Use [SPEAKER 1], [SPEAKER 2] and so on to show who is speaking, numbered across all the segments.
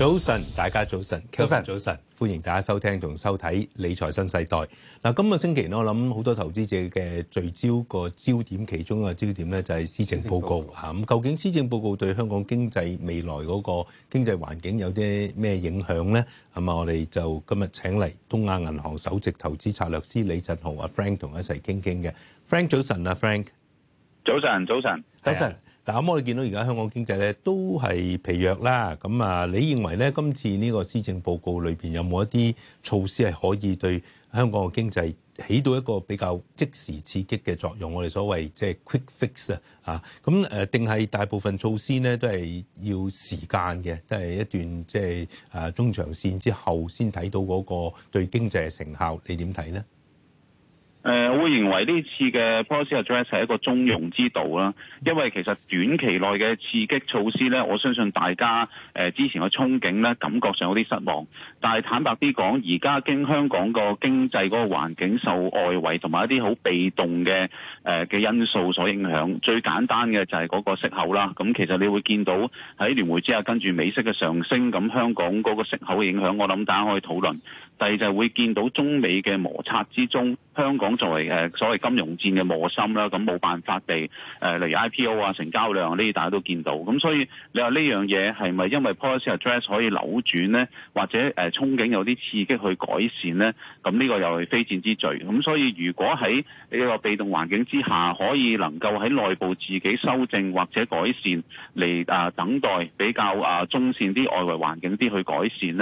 [SPEAKER 1] 早晨，大家早晨，早晨，早晨，早，晨早晨，歡迎大家收聽同收睇理財新世代。嗱，今個星期我諗好多投資者嘅聚焦個焦點，其中一個焦點咧就係施政報告。咁究竟施政報告對香港經濟未來嗰個經濟環境有啲咩影響咧？咁啊，我哋就今日請嚟東亞銀行首席投資策略師李振豪阿 Frank 同我一齊傾傾嘅。Frank 早晨啊，Frank，
[SPEAKER 2] 早晨早晨，早晨。
[SPEAKER 1] 咁我哋見到而家香港經濟咧都係疲弱啦，咁啊，你認為咧今次呢個施政報告裏邊有冇一啲措施係可以對香港嘅經濟起到一個比較即時刺激嘅作用？我哋所謂即係 quick fix 啊，啊，咁誒，定係大部分措施咧都係要時間嘅，都係一段即係啊中長線之後先睇到嗰個對經濟嘅成效，你點睇咧？
[SPEAKER 2] 誒、呃，我會認為呢次嘅 policy address 係一個中庸之道啦，因為其實短期內嘅刺激措施呢，我相信大家、呃、之前嘅憧憬呢，感覺上有啲失望。但係坦白啲講，而家經香港個經濟嗰個環境受外圍同埋一啲好被動嘅嘅、呃、因素所影響，最簡單嘅就係嗰個息口啦。咁其實你會見到喺聯匯之下跟住美息嘅上升，咁香港嗰個息口嘅影響，我諗大家可以討論。第二就係會見到中美嘅摩擦之中，香港作為誒，所謂金融戰嘅磨心啦，咁冇辦法地誒，例如 IPO 啊、成交量呢啲，大家都見到。咁所以你話呢樣嘢係咪因為 policy address 可以扭轉咧？或者誒，憧憬有啲刺激去改善咧？咁、這、呢個又係非戰之罪。咁所以如果喺呢個被動環境之下，可以能夠喺內部自己修正或者改善嚟啊，來等待比較啊中線啲外圍環境啲去改善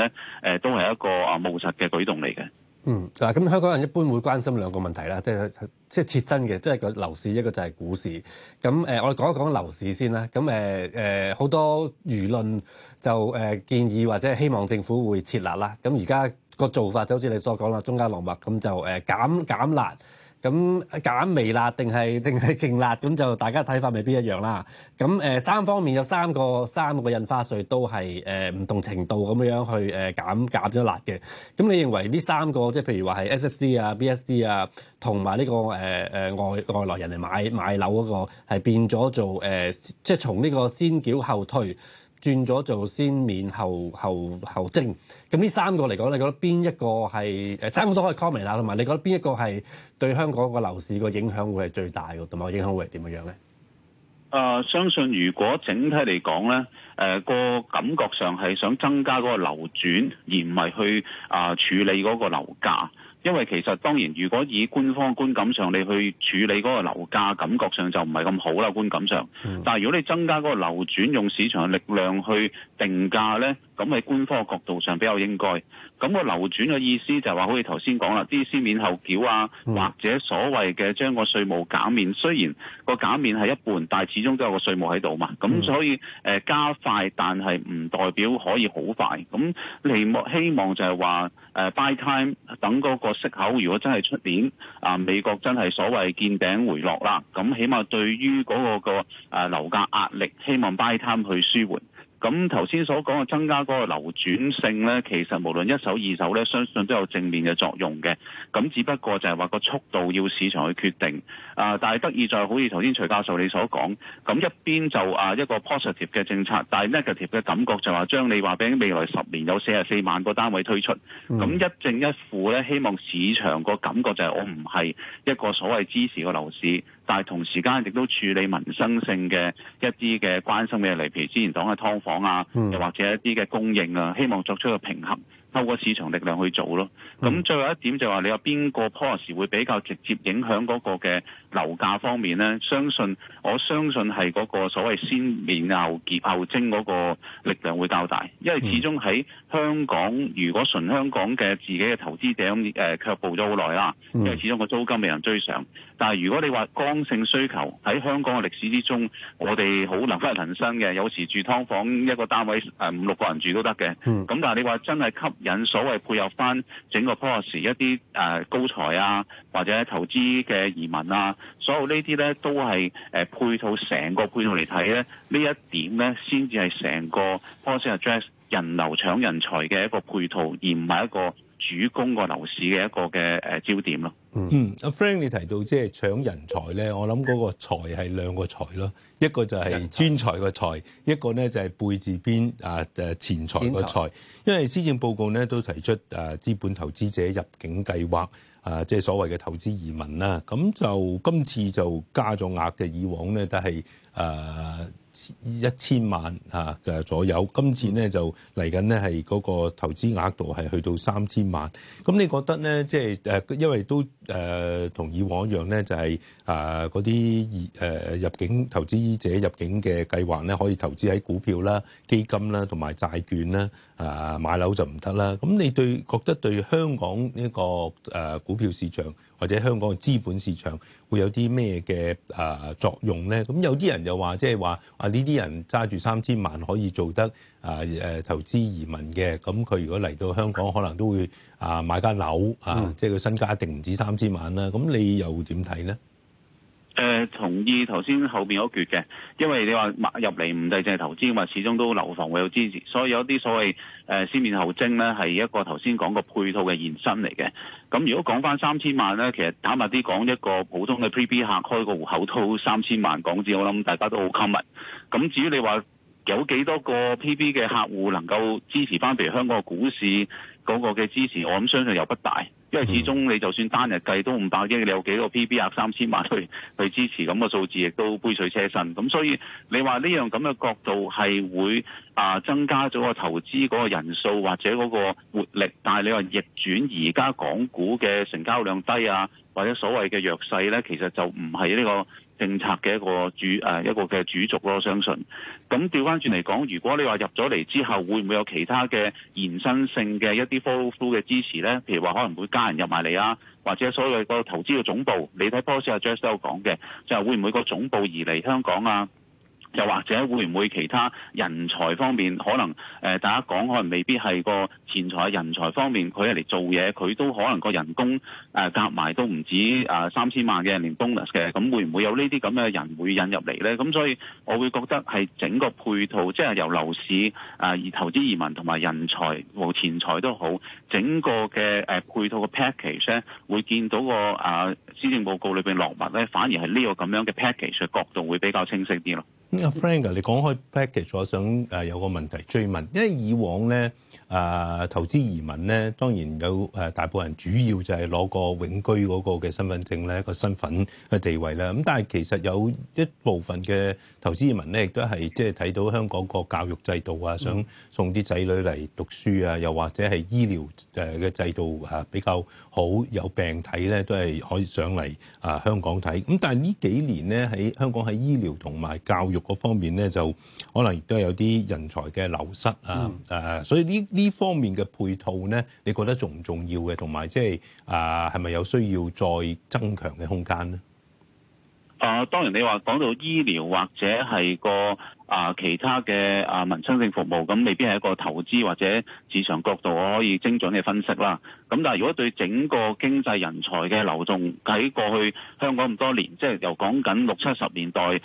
[SPEAKER 2] 咧？誒都係一個啊務實嘅。
[SPEAKER 3] 舉動嚟嘅，嗯，嗱，咁香港人一般會關心兩個問題啦，即係即係切身嘅，即係個樓市，一個就係股市。咁誒、呃，我哋講一講樓市先啦。咁誒誒，好、呃、多輿論就誒、呃、建議或者希望政府會撤辣啦。咁而家個做法就好似你所講啦，中間落墨，咁就誒減減辣。咁減微辣定係定係勁辣，咁就大家睇法未必一樣啦。咁、呃、三方面有三個三個印花稅都係呃、唔同程度咁樣去誒減減咗辣嘅。咁你認為呢三個即係譬如話係 SSD 啊、BSD 啊，同埋呢個誒、呃呃、外外來人嚟買買樓嗰、嗰個，係變咗做誒、呃、即係從呢個先繳後退。轉咗做先免後後後徵，咁呢三個嚟講，你覺得邊一個係三個都可以 comment 啦，同埋你覺得邊一個係對香港個樓市個影響會係最大嘅，同埋個影響會係點樣呢？
[SPEAKER 2] 咧、呃，相信如果整體嚟講咧，誒、呃、個感覺上係想增加嗰個流轉，而唔係去啊、呃、處理嗰個樓價。因為其實，當然，如果以官方觀感上，你去處理嗰個樓價感覺上就唔係咁好啦。觀感上，但係如果你增加嗰個流轉，用市場嘅力量去定價咧。咁喺官方角度上比較應該，咁、個流轉嘅意思就係話，好似頭先講啦，啲先免後繳啊，或者所謂嘅將個稅務減免，雖然個減免係一半，但係始終都有個稅務喺度嘛。咁所以、呃、加快，但係唔代表可以好快。咁你望希望就係話，誒、呃、，buy time，等嗰個息口如果真係出年啊美國真係所謂見頂回落啦，咁起碼對於嗰、個個誒樓價壓力，希望 buy time 去舒緩。咁頭先所講嘅增加嗰個流轉性咧，其實無論一手二手咧，相信都有正面嘅作用嘅。咁只不過就係話個速度要市場去決定啊。但係得意就好似頭先徐教授你所講，咁一邊就啊一個 positive 嘅政策，但係 negative 嘅感覺就話將你話俾未來十年有四十四萬個單位推出，咁、嗯、一正一負咧，希望市場個感覺就係我唔係一個所謂支持嘅樓市。但係同時間亦都處理民生性嘅一啲嘅關心嘅離題，例如之前講嘅劏房啊，又或者一啲嘅供應啊，希望作出一個平衡，透過市場力量去做咯。咁最後一點就係話，你有邊個 policy 會比較直接影響嗰個嘅？樓價方面咧，相信我相信係嗰個所謂先免後結後徵嗰個力量會較大，大，因為始終喺香港，如果純香港嘅自己嘅投資者咁誒，卻、呃、步咗好耐啦。因為始終個租金未能追上。但係如果你話剛性需求喺香港嘅歷史之中，我哋好能翻人生嘅。有時住劏房一個單位，呃、五六個人住都得嘅。咁但係你話真係吸引所謂配合翻整個 posh 一啲，呃、高才啊，或者投資嘅移民啊？所有呢啲呢都係誒配套，成個配套嚟睇，呢呢一點呢先至係成個 Policy Address 人流搶人才嘅一個配套，而唔係一個主攻個樓市嘅一個嘅誒焦點咯。
[SPEAKER 1] 嗯，阿 Frank 你提到即係搶人才咧，我諗嗰個才係兩個才咯，一個就係專才個才，一個咧就係貝字邊啊誒錢財個才，因為施政報告咧都提出誒資本投資者入境計劃，啊即係所謂嘅投資移民啦，咁就今次就加咗額嘅，以往咧都係誒。呃一千萬啊嘅左右，今次咧就嚟緊咧係嗰個投資額度係去到三千萬。咁你覺得咧，即係誒，因為都誒、呃、同以往一樣咧，就係啊嗰啲誒入境投資者入境嘅計劃咧，可以投資喺股票啦、基金啦同埋債券啦。啊，買樓就唔得啦。咁你對覺得對香港呢、這個誒、啊、股票市場或者香港嘅資本市場會有啲咩嘅誒作用咧？咁有啲人又話即係話啊，呢啲人揸住三千萬可以做得啊，啊投資移民嘅。咁佢如果嚟到香港，可能都會啊買間樓啊，嗯、即係佢身家一定唔止三千萬啦。咁你又點睇咧？
[SPEAKER 2] 誒、呃、同意頭先後邊嗰句嘅，因為你話入嚟唔係淨係投資，㗎嘛始終都樓房會有支持，所以有啲所謂誒、呃、先免後徵咧，係一個頭先講個配套嘅延伸嚟嘅。咁如果講翻三千萬咧，其實坦白啲講一個普通嘅 PB 客開個戶口都三千萬港紙，我諗大家都好 common。咁至於你話有幾多個 PB 嘅客戶能夠支持翻，譬如香港個股市嗰個嘅支持，我諗相信又不大。因為始終你就算單日計都五百億，因為你有幾個 PBR 三千萬去去支持咁嘅數字，亦都杯水車薪。咁所以你話呢樣咁嘅角度係會啊增加咗個投資嗰個人數或者嗰個活力，但係你話逆轉而家港股嘅成交量低啊，或者所謂嘅弱勢呢，其實就唔係呢個。政策嘅一個主誒一個嘅主軸咯，我相信咁調翻轉嚟講，如果你話入咗嚟之後，會唔會有其他嘅延伸性嘅一啲 follow through 嘅支持呢？譬如話可能會加人入埋嚟啊，或者所有個投資嘅總部，你睇波士亞 Jazz 都有講嘅，就係、是、會唔會個總部移嚟香港啊？又或者會唔會其他人才方面可能、呃、大家講可能未必係個錢財人才方面，佢嚟做嘢，佢都可能個人工誒夾埋都唔止誒、呃、三千萬嘅年 bonus 嘅咁，會唔會有呢啲咁嘅人會引入嚟呢？咁所以我會覺得係整個配套，即係由樓市誒、呃、投資移民同埋人才和錢財都好，整個嘅、呃、配套嘅 package 咧，會見到個誒施政報告裏面落墨咧，反而係呢個咁樣嘅 package 嘅角度會比較清晰啲咯。
[SPEAKER 1] 咁啊，Frank 你講開 package，我想誒有個問題追問，因為以往咧誒、啊、投資移民咧當然有誒大部分人主要就係攞個永居個嘅身份證咧個身份嘅地位啦。咁但係其實有一部分嘅投資移民咧，亦都係即係睇到香港個教育制度啊，想送啲仔女嚟讀書啊，又或者係醫療誒嘅制度啊比較好，有病睇咧都係可以上嚟啊香港睇。咁但係呢幾年咧喺香港喺醫療同埋教育。各方面咧就可能亦都有啲人才嘅流失，嗯、啊，誒，所以呢呢方面嘅配套咧，你覺得重唔重要嘅？同埋即係啊，係咪有需要再增強嘅空間咧？啊、
[SPEAKER 2] 呃，當然你話講到醫療或者係個。啊，其他嘅啊民生性服務，咁，未必係一個投資或者市場角度我可以精準嘅分析啦。咁但係如果對整個經濟人才嘅流動，喺過去香港咁多年，即係又講緊六七十年代誒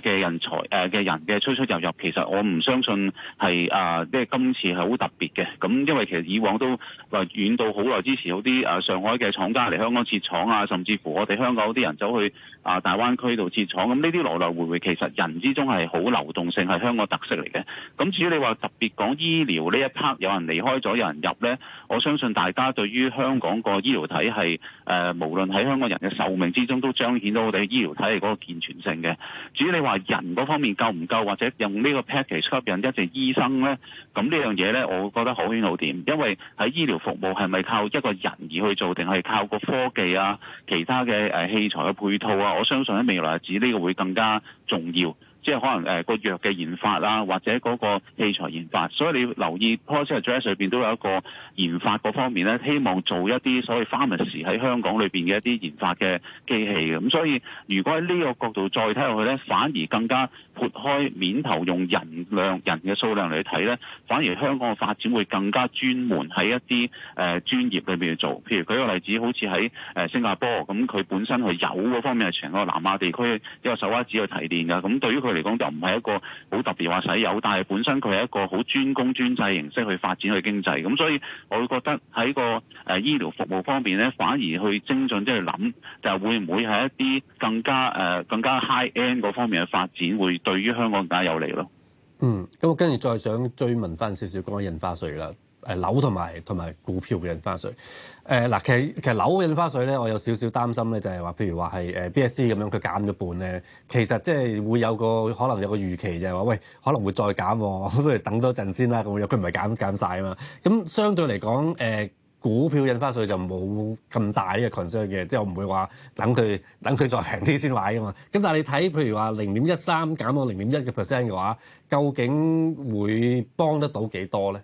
[SPEAKER 2] 嘅人才誒嘅、呃、人嘅出出入入，其實我唔相信係啊，即、呃、係今次係好特別嘅。咁因為其實以往都遠到好耐之前，有啲啊上海嘅廠家嚟香港設廠啊，甚至乎我哋香港啲人走去啊大灣區度設廠，咁呢啲來來回回，其實人之中係好流動的。剩係香港特色嚟嘅，咁至於你話特別講醫療呢一 part，有人離開咗，有人入呢，我相信大家對於香港個醫療體系，誒、呃、無論喺香港人嘅壽命之中，都彰顯到我哋醫療體系嗰個健全性嘅。至於你話人嗰方面夠唔夠，或者用呢個 package 吸引一隻醫生呢？咁呢樣嘢呢，我覺得好啲好點，因為喺醫療服務係咪靠一個人而去做，定係靠個科技啊、其他嘅、啊、器材嘅配套啊，我相信喺未來日子呢個會更加重要。即係可能誒、呃嗰個藥嘅研發啦、啊，或者嗰個器材研發，所以你要留意 Policy Address 再上邊都有一個研發嗰方面咧，希望做一啲所謂 farmers 喺香港裏邊嘅一啲研發嘅機器嘅。咁所以如果喺呢個角度再睇落去咧，反而更加撥開面頭，用人量人嘅數量嚟睇咧，反而香港嘅發展會更加專門喺一啲誒、呃、專業裏邊去做。譬如舉個例子，好似喺誒新加坡咁，佢本身係有嗰方面係成個南亞地區一個首屈一指去提煉㗎。咁對於佢。嚟講就唔係一個好特別話使有，但係本身佢係一個好專攻專制形式去發展去經濟，咁所以我會覺得喺個誒醫療服務方面咧，反而去精進即係諗，就會唔會係一啲更加誒更加 high end 嗰方面嘅發展，會對於香港更加有利咯。嗯，
[SPEAKER 3] 咁我跟住再想追問翻少少嗰個印花稅啦。誒樓同埋同埋股票嘅印花稅誒嗱，其實其實樓嘅印花稅咧，我有少少擔心咧，就係話，譬如話係誒 BSD 咁樣，佢減咗半咧，其實即係會有個可能有個預期就係話，喂可能會再減，不如等多陣先啦。咁佢佢唔係減減曬啊嘛。咁相對嚟講誒，股票印花稅就冇咁大嘅 concern 嘅，即係我唔會話等佢等佢再平啲先買啊嘛。咁但係你睇譬如話零點一三減到零點一嘅 percent 嘅話，究竟會幫得到幾多咧？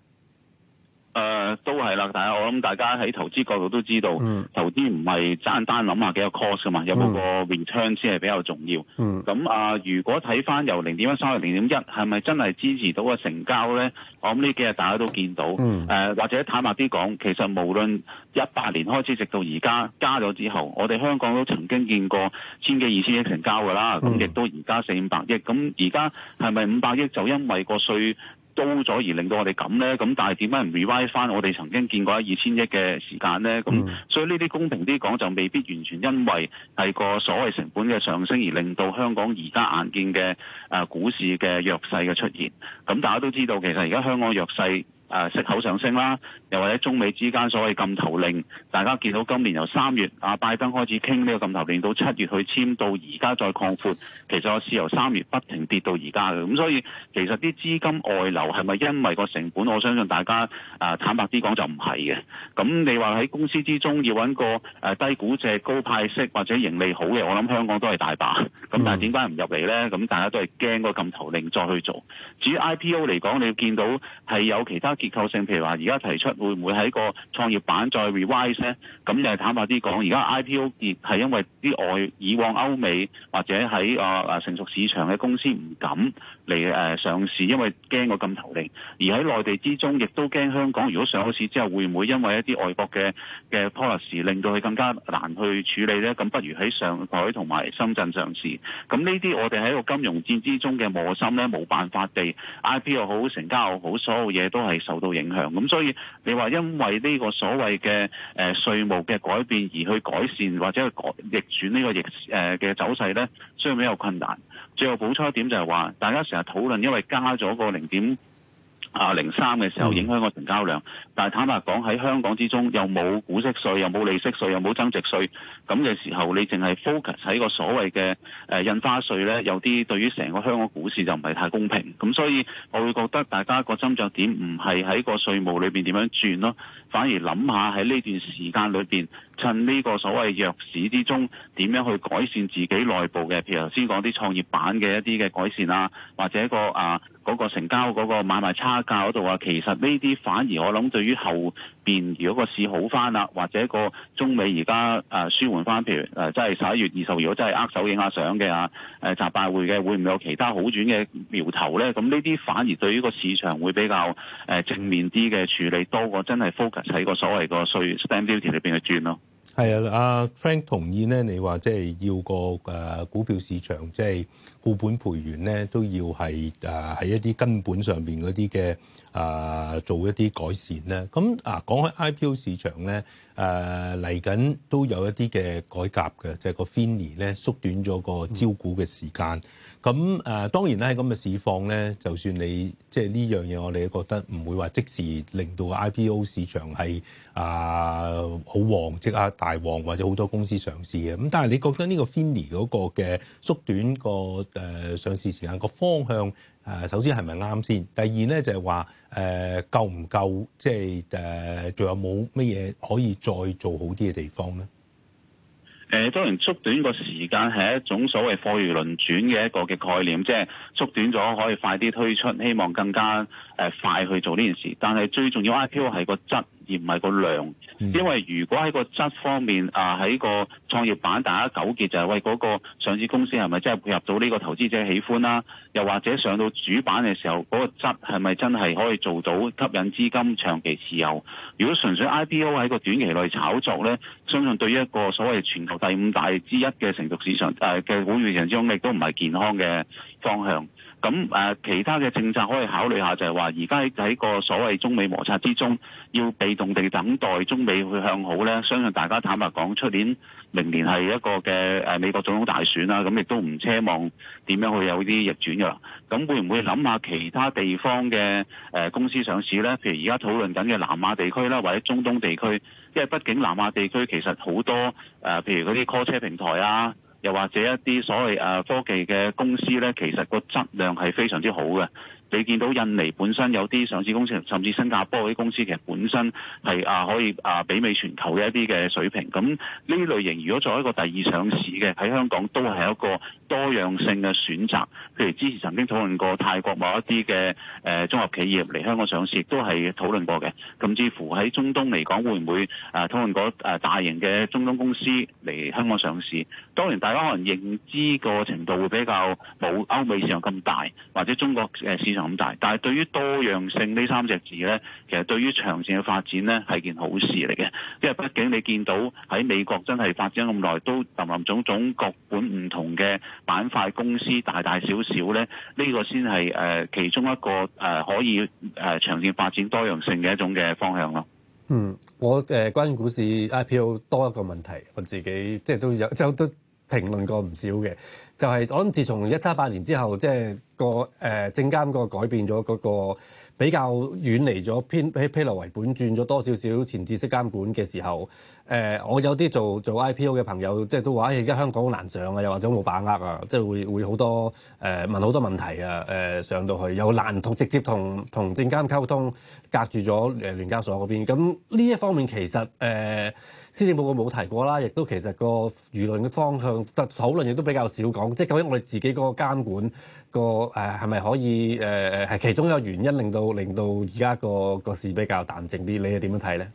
[SPEAKER 2] 誒、呃、都係啦，但係。我諗大家喺投資角度都知道，嗯、投資唔係簡單諗下幾個 cost 噶嘛，嗯、有冇個門窗先係比較重要。咁、嗯、啊、嗯呃，如果睇翻由零點一三到零點一，係咪真係支持到個成交咧？我諗呢幾日大家都見到。誒、嗯呃、或者坦白啲講，其實無論一八年開始直到而家加咗之後，我哋香港都曾經見過千幾二千億成交㗎啦。咁、嗯、亦都而家四五百億。咁而家係咪五百億就因為個稅？多咗而令到我哋咁呢，咁但係點解唔 revert 翻我哋曾經見過二千億嘅時間呢？咁、嗯、所以呢啲公平啲講就未必完全因為係個所謂成本嘅上升而令到香港而家眼見嘅誒股市嘅弱勢嘅出現。咁、嗯、大家都知道其實而家香港弱勢。誒息口上升啦，又或者中美之間所謂禁投令，大家見到今年由三月拜登開始傾呢個禁投令，到七月去簽，到而家再擴闊，其實係由三月不停跌到而家嘅。咁所以其實啲資金外流係咪因為個成本？我相信大家誒坦白啲講就唔係嘅。咁你話喺公司之中要揾個低估值、高派息或者盈利好嘅，我諗香港都係大把。咁但係點解唔入嚟呢？咁大家都係驚個禁投令再去做。至於 IPO 嚟講，你要見到係有其他。結構性，譬如話而家提出會唔會喺個創業板再 revise 咧？咁又係坦白啲講，而家 IPO 係因為啲外以往歐美或者喺誒誒成熟市場嘅公司唔敢。嚟誒上市，因為驚個禁投令，而喺內地之中，亦都驚香港。如果上咗市之後，會唔會因為一啲外國嘅嘅 policy 令到佢更加難去處理呢？咁不如喺上海同埋深圳上市。咁呢啲我哋喺個金融戰之中嘅磨心呢，冇辦法地 IP 又好，成交又好，所有嘢都係受到影響。咁所以你話因為呢個所謂嘅誒稅務嘅改變而去改善或者去逆轉呢個逆誒嘅走勢呢，雖然比較困難。最後補充一點就係話大家。啊討論，因為加咗個零點啊零三嘅時候影響個成交量，嗯、但係坦白講喺香港之中又冇股息稅，又冇利息稅，又冇增值稅，咁嘅時候你淨係 focus 喺個所謂嘅誒、呃、印花稅呢有啲對於成個香港股市就唔係太公平，咁所以我會覺得大家個斟酌點唔係喺個稅務裏面點樣轉咯，反而諗下喺呢段時間裏面，趁呢個所謂弱市之中，點樣去改善自己內部嘅，譬如頭先講啲創業板嘅一啲嘅改善啊，或者一個啊。嗰個成交嗰個買賣差價，嗰度啊，其實呢啲反而我諗，對於後。變，如果個市好翻啦，或者個中美而家誒舒緩翻，譬如誒，即係十一月二十號，如果真係握手影下相嘅啊，誒，習拜會嘅，會唔會有其他好轉嘅苗頭咧？咁呢啲反而對於個市場會比較誒正面啲嘅處理多過真係 focus 喺個所謂個稅 stimulus 裏邊去轉咯。
[SPEAKER 1] 係啊，阿 Frank 同意咧，你話即係要個誒、啊、股票市場即係固本培元咧，都要係誒喺一啲根本上邊嗰啲嘅誒做一啲改善咧。咁啊。講開 IPO 市場咧，誒嚟緊都有一啲嘅改革嘅，即係個 FINI 咧縮短咗個招股嘅時間。咁、嗯、誒當然咧喺咁嘅市況咧，就算你即係呢樣嘢，就是、我哋覺得唔會話即時令到 IPO 市場係啊好旺即係大旺或者好多公司上市嘅。咁但係你覺得呢個 FINI 嗰個嘅縮短個上市時間個方向？誒，首先係咪啱先？第二咧就係話誒夠唔夠？即係誒，仲有冇乜嘢可以再做好啲嘅地方咧？
[SPEAKER 2] 誒，當然縮短個時間係一種所謂貨如輪轉嘅一個嘅概念，即係縮短咗可以快啲推出，希望更加快去做呢件事，但係最重要 IPO 係個質而唔係個量，嗯，因為如果喺個質方面啊喺、呃、個創業板大家糾結就係、是、喂嗰、那個上市公司係咪真係入到呢個投資者喜歡啦、啊？又或者上到主板嘅時候嗰、那個質係咪真係可以做到吸引資金長期持有？如果純粹 IPO 喺個短期內炒作呢，相信對於一個所謂全球第五大之一嘅成熟市場嘅股市場之中，亦都唔係健康嘅方向。咁誒，其他嘅政策可以考慮下，就係話而家喺個所謂中美摩擦之中，要被動地等待中美去向好呢。相信大家坦白講，出年、明年係一個嘅美國總統大選啦，咁亦都唔奢望點樣去有呢啲逆轉噶啦。咁會唔會諗下其他地方嘅公司上市呢？譬如而家討論緊嘅南亞地區啦，或者中東地區，因為畢竟南亞地區其實好多誒，譬如嗰啲 call 車平台啊。又或者一啲所謂誒科技嘅公司咧，其實個質量係非常之好嘅。你見到印尼本身有啲上市公司，甚至新加坡嗰啲公司，其實本身係啊可以啊媲美全球嘅一啲嘅水平。咁呢類型如果作為一個第二上市嘅喺香港，都係一個多樣性嘅選擇。譬如之前曾經討論過泰國某一啲嘅誒綜合企業嚟香港上市，亦都係討論過嘅。甚至乎喺中東嚟講，會唔會啊討論過誒大型嘅中東公司嚟香港上市？當然大家可能認知個程度會比較冇歐美市場咁大，或者中國市場。咁大，但係對於多樣性呢三隻字呢，其實對於長線嘅發展呢，係件好事嚟嘅，因為畢竟你見到喺美國真係發展咁耐，都林林總總各管唔同嘅板塊公司大大小小呢，呢、呢個先係誒其中一個誒可以誒長線發展多樣性嘅一種嘅方向咯。嗯，
[SPEAKER 3] 我誒、呃、關於股市 IPO 多一個問題，我自己即係都有，就都。評論過唔少嘅，就係、是、我諗，自從一七八年之後，即係個誒證監個改變咗嗰、這個、這個、比較遠離咗偏披露為本，轉咗多少少前置式監管嘅時候，誒、呃、我有啲做做 IPO 嘅朋友，即、就、係、是、都話而家香港好難上啊，又或者冇把握啊，即係會會好多誒、呃、問好多問題啊，誒、呃、上到去有難同直接同同證監溝通，隔住咗誒聯交所嗰邊，咁呢一方面其實誒。呃施政報告冇提過啦，亦都其實個輿論嘅方向，得討論亦都比較少講。即係究竟我哋自己個監管個誒係咪可以誒誒係其中一個原因，令到令到而家個個市比較淡靜啲？你又點樣睇咧、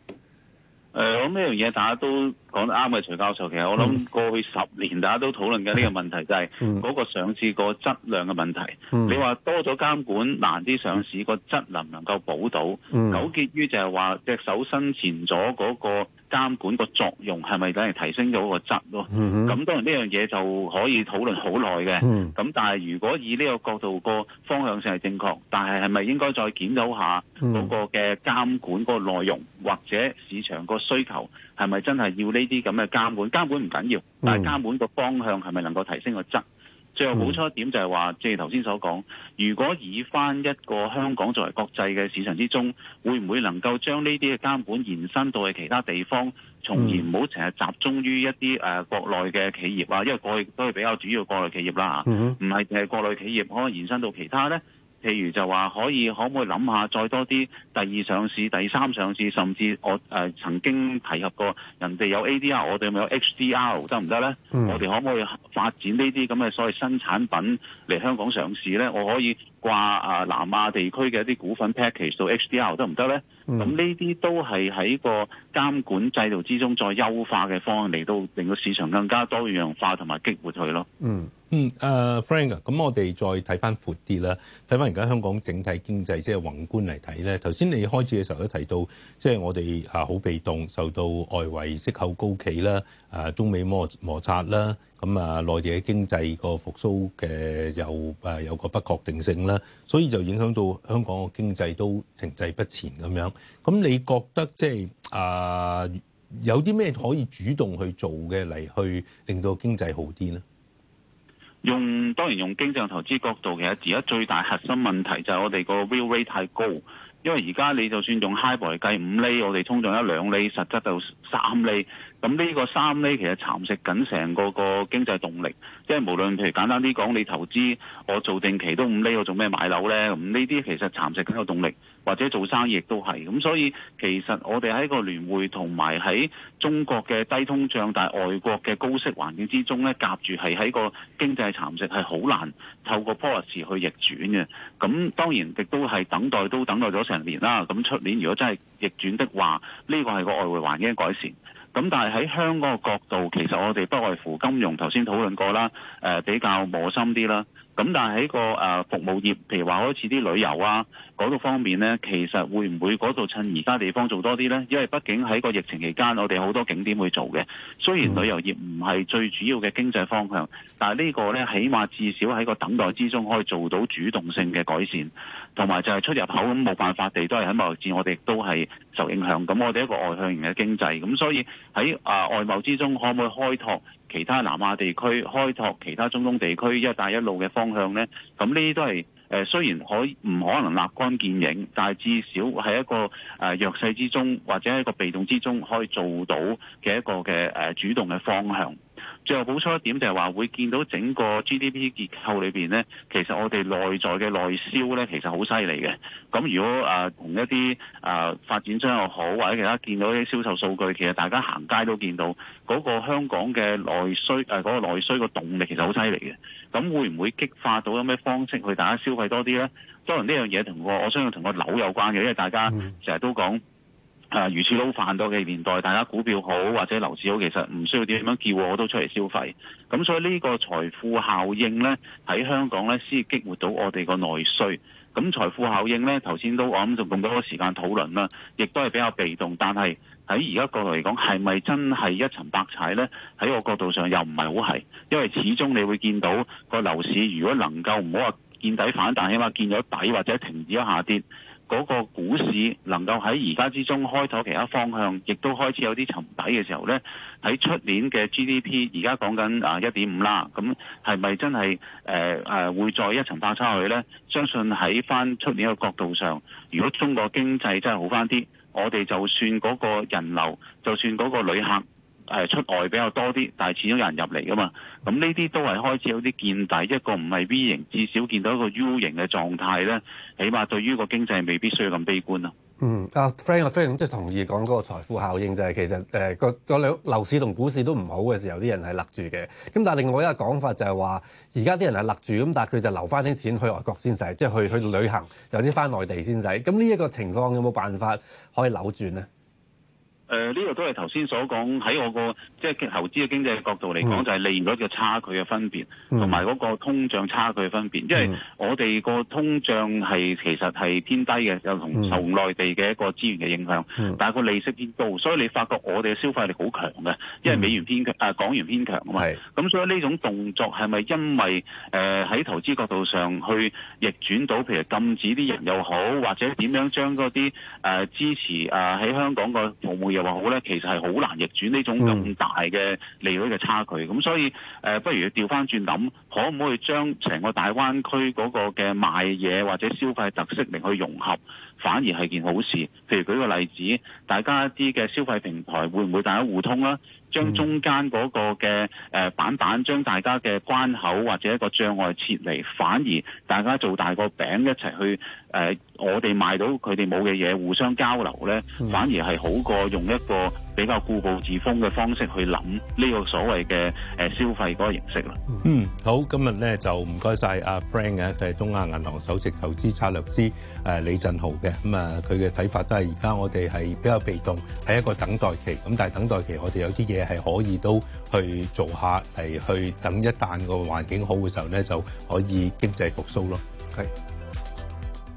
[SPEAKER 2] 呃？我諗呢樣嘢，大家都講得啱嘅，徐教授。其實我諗過去十年，大家都討論緊呢個問題，就係嗰個上市個質量嘅問題。嗯、你話多咗監管難啲上市，個質能唔能夠保到？糾、嗯、結於就係話隻手伸前咗嗰、那個。監管個作用係咪等於提升咗個質咯？咁、mm -hmm. 當然呢樣嘢就可以討論好耐嘅。咁、mm -hmm. 但係如果以呢個角度個方向性係正確，但係係咪應該再檢討下嗰個嘅監管個內容，mm -hmm. 或者市場個需求係咪真係要呢啲咁嘅監管？監管唔緊要，但係監管個方向係咪能夠提升個質？最後補充一點就係話，即係頭先所講，如果以翻一個香港作為國際嘅市場之中，會唔會能夠將呢啲嘅監管延伸到去其他地方，從而唔好成日集中於一啲誒國內嘅企業啊？因為過去都係比較主要嘅國內企業啦，嚇，唔係淨係國內企業，可能延伸到其他咧。譬如就話可以可唔可以諗下再多啲第二上市、第三上市，甚至我誒、呃、曾經提及過，人哋有 ADR，我哋咪有 HDR 得唔得呢？嗯、我哋可唔可以發展呢啲咁嘅所謂新產品嚟香港上市呢？我可以掛啊、呃、南亞地區嘅一啲股份 package 到 HDR 得唔得呢？咁呢啲都係喺個監管制度之中再優化嘅方案嚟到令個市場更加多元化同埋激活佢咯。嗯。
[SPEAKER 1] 嗯，誒、uh, Frank 啊，咁我哋再睇翻闊啲啦，睇翻而家香港整體經濟即係、就是、宏觀嚟睇咧。頭先你開始嘅時候都提到，即、就、係、是、我哋啊好被動，受到外圍息口高企啦，誒、啊、中美摩摩擦啦，咁啊內地嘅經濟個復甦嘅有誒有個不確定性啦，所以就影響到香港個經濟都停滯不前咁樣。咁你覺得即係、就是、啊有啲咩可以主動去做嘅嚟去令到經濟好啲呢？
[SPEAKER 2] 用當然用經濟投資角度，其實而家最大核心問題就係我哋個 real rate 太高，因為而家你就算用 HIBOR 嚟計五厘，我哋通脹一兩厘，實質就三厘。咁呢個三呢，其實蠶食緊成個個經濟動力，即係無論譬如簡單啲講，你投資我做定期都五厘，我做咩買樓呢？咁呢啲其實蠶食緊個動力，或者做生意亦都係。咁所以其實我哋喺個聯匯同埋喺中國嘅低通脹，但係外國嘅高息環境之中呢，夾住係喺個經濟蠶食係好難透過 policy 去逆轉嘅。咁當然亦都係等待，都等待咗成年啦。咁出年如果真係逆轉的話，呢個係個外匯環境改善。咁但係喺香港嘅角度，其實我哋不外乎金融討論，頭先討論過啦，誒比較磨心啲啦。咁但係喺個服務業，譬如話好似啲旅遊啊嗰度方面呢，其實會唔會嗰度趁而家地方做多啲呢？因為畢竟喺個疫情期間，我哋好多景點會做嘅。雖然旅遊業唔係最主要嘅經濟方向，但係呢個呢，起碼至少喺個等待之中可以做到主動性嘅改善，同埋就係出入口咁冇辦法地都係喺貿易戰，我哋都係受影響。咁我哋一個外向型嘅經濟，咁所以喺啊外貿之中，可唔可以開拓？其他南亞地區開拓，其他中東地區、一帶一路嘅方向呢，咁呢啲都係誒，雖然可以唔可能立竿見影，但至少喺一個誒弱勢之中或者喺一個被動之中可以做到嘅一個嘅主動嘅方向。最後補充一點就係話會見到整個 GDP 結構裏面呢，其實我哋內在嘅內銷呢，其實好犀利嘅。咁如果誒同、呃、一啲誒、呃、發展商又好，或者其他見到啲銷售數據，其實大家行街都見到嗰、那個香港嘅內需誒嗰、呃那個內需個動力其實好犀利嘅。咁會唔會激發到有咩方式去大家消費多啲呢？當然呢樣嘢同個我相信同個樓有關嘅，因為大家成日都講。係如此撈飯多嘅年代，大家股票好或者樓市好，其實唔需要點樣叫我，我都出嚟消費。咁所以呢個財富效應呢，喺香港呢先激活到我哋個內需。咁財富效應呢，頭先都講，仲咁多個時間討論啦，亦都係比較被動。但係喺而家角度嚟講，係咪真係一層白踩呢？喺我角度上又唔係好係，因為始終你會見到個樓市，如果能夠唔好話見底反彈，起碼見咗底或者停止咗下跌。嗰、那個股市能夠喺而家之中開拓其他方向，亦都開始有啲沉底嘅時候呢，喺出年嘅 GDP 而家講緊啊一點五啦，咁係咪真係、呃、會再一層反差落去呢？相信喺翻出年嘅角度上，如果中國經濟真係好翻啲，我哋就算嗰個人流，就算嗰個旅客。誒出外比較多啲，但係始終有人入嚟噶嘛，咁呢啲都係開始有啲見底，一個唔係 V 型，至少見到一個 U 型嘅狀態咧，起碼對於個經濟未必需要咁悲觀啊，
[SPEAKER 3] 嗯，阿 Frank 阿 Frank 同意講嗰個財富效應就係其實誒、呃、個個兩樓市同股市都唔好嘅時候，啲人係勒住嘅。咁但係另外一個講法就係話，而家啲人係勒住，咁但係佢就留翻啲錢去外國先使，即係去去旅行，又先翻內地先使。咁呢一個情況有冇辦法可以扭轉咧？
[SPEAKER 2] 誒、呃、呢、這個都係頭先所講喺我個即係投資嘅經濟角度嚟講、嗯，就係、是、利率嘅差距嘅分別，同埋嗰個通脹差距嘅分別。因為我哋個通脹係其實係偏低嘅，又同受內地嘅一個資源嘅影響、嗯，但係個利息偏高，所以你發覺我哋嘅消費力好強嘅，因為美元偏強啊、呃、港元偏強啊嘛。咁所以呢種動作係咪因為誒喺、呃、投資角度上去逆轉到，譬如禁止啲人又好，或者點樣將嗰啲誒支持誒喺、呃、香港個服務業？又話好咧，其實係好難逆轉呢種咁大嘅利率嘅差距，咁所以誒、呃，不如調翻轉諗，可唔可以將成個大灣區嗰個嘅賣嘢或者消費特色嚟去融合？反而係件好事。譬如舉個例子，大家一啲嘅消費平台會唔會大家互通啦？將中間嗰個嘅誒板板，將大家嘅關口或者一個障礙撤離，反而大家做大個餅一齊去誒、呃，我哋賣到佢哋冇嘅嘢，互相交流呢，反而係好過用一個。比較
[SPEAKER 1] 固步自封嘅方式去諗呢個所謂嘅誒消費嗰個形式啦。嗯，好，今日咧就唔該晒阿 Frank 嘅，就係東亞銀行首席投資策略師誒李振豪嘅咁啊。佢嘅睇法都係而家我哋係比較被動，係一個等待期咁。但係等待期，我哋有啲嘢係可以都去做下嚟，去等一旦個環境好嘅時候咧，就可以經濟復甦咯。係。